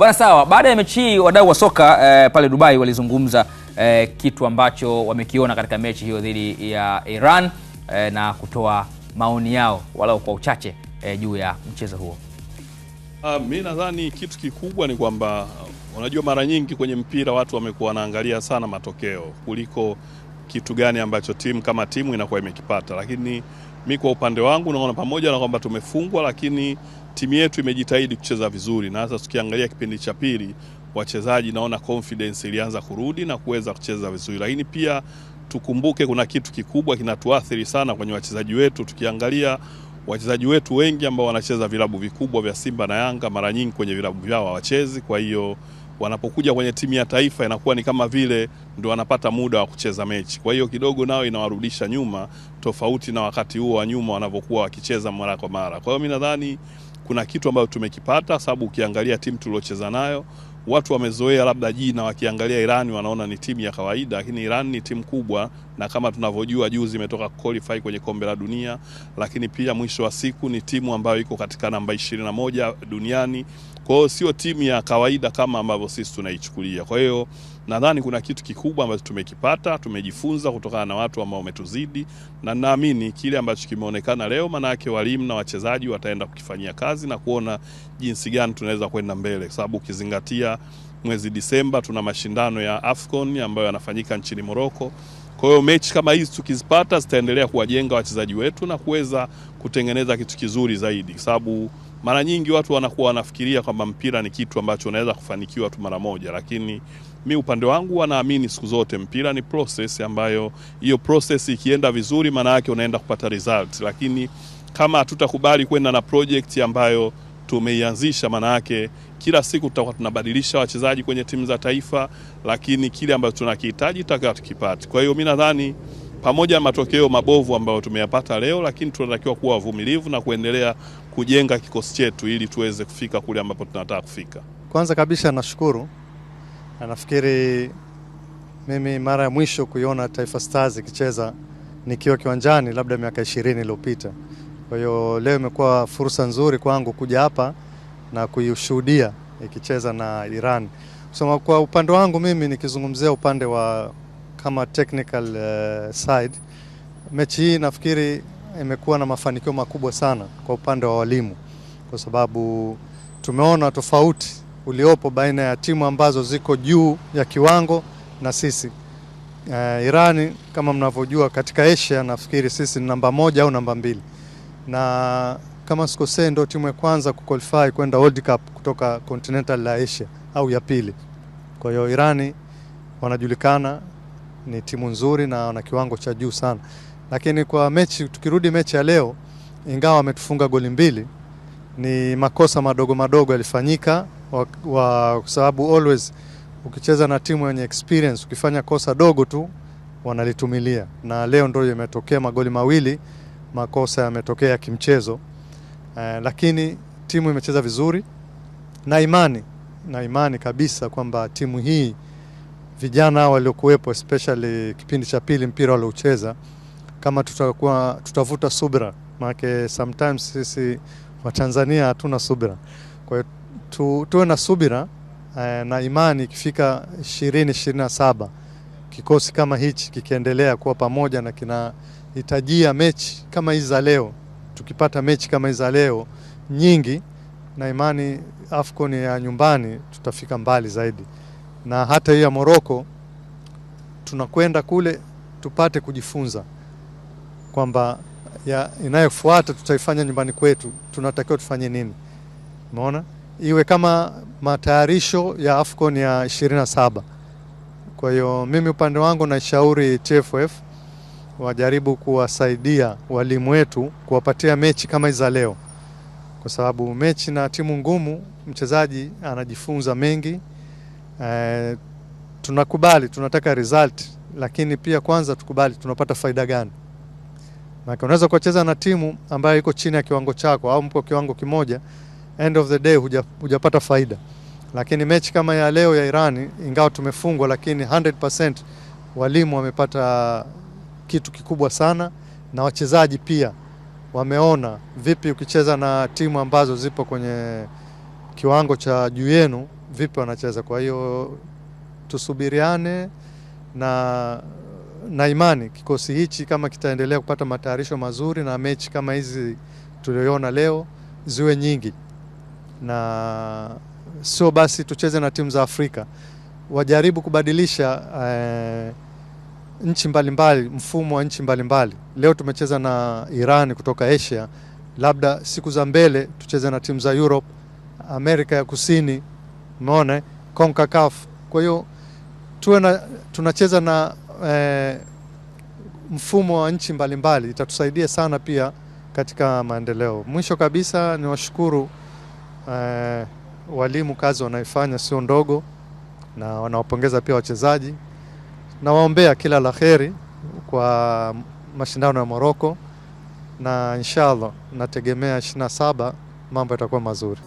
Bwana sawa, baada ya mechi hii wadau wa soka eh, pale Dubai walizungumza eh, kitu ambacho wamekiona katika mechi hiyo dhidi ya Iran eh, na kutoa maoni yao walau kwa uchache eh, juu ya mchezo huo. Uh, mi nadhani kitu kikubwa ni kwamba unajua, mara nyingi kwenye mpira watu wamekuwa wanaangalia sana matokeo kuliko kitu gani ambacho timu kama timu inakuwa imekipata, lakini mi kwa upande wangu naona pamoja na kwamba tumefungwa, lakini timu yetu imejitahidi kucheza vizuri, na hasa tukiangalia kipindi cha pili wachezaji naona confidence ilianza kurudi na kuweza kucheza vizuri, lakini pia tukumbuke kuna kitu kikubwa kinatuathiri sana kwenye wachezaji wetu. Tukiangalia wachezaji wetu wengi ambao wanacheza vilabu vikubwa vya Simba na Yanga, mara nyingi kwenye vilabu vyao hawachezi, kwa hiyo wanapokuja kwenye timu ya taifa inakuwa ni kama vile ndio wanapata muda wa kucheza mechi, kwa hiyo kidogo nao inawarudisha nyuma, tofauti na wakati huo wa nyuma wanavyokuwa wakicheza mara kwa mara. Kwa hiyo mimi nadhani kuna kitu ambayo tumekipata, sababu ukiangalia timu tuliocheza nayo watu wamezoea labda jina, wakiangalia Irani wanaona ni timu ya kawaida, lakini Irani ni timu kubwa na kama tunavyojua juzi imetoka qualify kwenye kombe la dunia, lakini pia mwisho wa siku ni timu ambayo iko katika namba na moja duniani. Kwa hiyo sio timu ya kawaida kama ambavyo sisi tunaichukulia. Kwa hiyo nadhani kuna kitu kikubwa ambacho tumekipata, tumejifunza kutokana na watu ambao wametuzidi, na naamini kile ambacho kimeonekana leo, manake walimu na wachezaji wataenda kukifanyia kazi na kuona jinsi gani tunaweza kwenda mbele, kwa sababu ukizingatia mwezi Disemba tuna mashindano ya AFCON ambayo yanafanyika nchini Morocco. Kwa hiyo mechi kama hizi tukizipata zitaendelea kuwajenga wachezaji wetu na kuweza kutengeneza kitu kizuri zaidi, kwa sababu mara nyingi watu wanakuwa wanafikiria kwamba mpira ni kitu ambacho unaweza kufanikiwa tu mara moja, lakini mi upande wangu wanaamini siku zote mpira ni process, ambayo hiyo process ikienda vizuri, maana yake unaenda kupata result, lakini kama hatutakubali kwenda na project ambayo tumeianzisha, maana yake kila siku tutakuwa tunabadilisha wachezaji kwenye timu za taifa, lakini kile ambacho tunakihitaji tutakuwa tukipata. Kwa hiyo mimi nadhani pamoja na matokeo mabovu ambayo tumeyapata leo, lakini tunatakiwa kuwa wavumilivu na kuendelea kujenga kikosi chetu ili tuweze kufika kule ambapo tunataka kufika. Kwanza kabisa nashukuru, na nafikiri mimi mara ya mwisho kuiona Taifa Stars ikicheza nikiwa kiwanjani labda miaka ishirini iliyopita. Kwa hiyo leo imekuwa fursa nzuri kwangu kuja hapa na kuishuhudia ikicheza na Iran. Kusema kwa upande wangu mimi, nikizungumzia upande wa kama technical uh, side, mechi hii nafikiri imekuwa na mafanikio makubwa sana kwa upande wa walimu, kwa sababu tumeona tofauti uliopo baina ya timu ambazo ziko juu ya kiwango na sisi. Uh, eh, Irani kama mnavyojua katika Asia nafikiri sisi ni namba moja au namba mbili na kama sikosee, ndio timu ya kwanza kuqualify kwenda World Cup kutoka continental la Asia au ya pili. Kwa hiyo Irani wanajulikana ni timu nzuri na wana kiwango cha juu sana, lakini kwa mechi, tukirudi mechi ya leo, ingawa wametufunga goli mbili, ni makosa madogo madogo yalifanyika, kwa sababu always ukicheza na timu yenye experience, ukifanya kosa dogo tu wanalitumilia, na leo ndio imetokea magoli mawili, makosa yametokea kimchezo. Eh, lakini timu imecheza vizuri na imani na imani kabisa kwamba timu hii vijana waliokuwepo especially kipindi cha pili mpira waliocheza, kama tutakuwa tutavuta subira, maana sometimes sisi Watanzania hatuna subira. Kwa hiyo tu, tuwe na subira eh, na imani ikifika 20 27 kikosi kama hichi kikiendelea kuwa pamoja na kinahitajia mechi kama hizi za leo tukipata mechi kama hizi za leo nyingi, na imani AFCON ya nyumbani tutafika mbali zaidi, na hata hii ya Moroko tunakwenda kule tupate kujifunza kwamba inayofuata tutaifanya nyumbani kwetu, tunatakiwa tufanye nini? Umeona, iwe kama matayarisho ya AFCON ya 27. Kwa hiyo mimi upande wangu naishauri TFF wajaribu kuwasaidia walimu wetu kuwapatia mechi kama hizi za leo, kwa sababu mechi na timu ngumu, mchezaji anajifunza mengi. E, tunakubali tunataka result, lakini pia kwanza tukubali tunapata faida gani? Na unaweza kucheza na timu ambayo iko chini ya kiwango chako au mko kiwango kimoja, end of the day huja, hujapata faida. Lakini mechi kama ya leo ya Irani, ingawa tumefungwa, lakini 100% walimu wamepata kitu kikubwa sana, na wachezaji pia wameona vipi ukicheza na timu ambazo zipo kwenye kiwango cha juu yenu, vipi wanacheza. Kwa hiyo tusubiriane na, na imani kikosi hichi kama kitaendelea kupata matayarisho mazuri na mechi kama hizi tulioona leo ziwe nyingi, na sio basi tucheze na timu za Afrika, wajaribu kubadilisha eh, nchi mbalimbali, mfumo wa nchi mbalimbali. Leo tumecheza na Iran kutoka Asia, labda siku za mbele tucheze na timu za Europe, Amerika ya Kusini, umeona CONCACAF. Kwa hiyo tuwe na tunacheza na eh, mfumo wa nchi mbalimbali, itatusaidia sana pia katika maendeleo. Mwisho kabisa ni washukuru eh, walimu, kazi wanaifanya sio ndogo, na wanawapongeza pia wachezaji. Nawaombea kila la heri kwa mashindano ya Morocco na inshallah nategemea 27 mambo yatakuwa mazuri.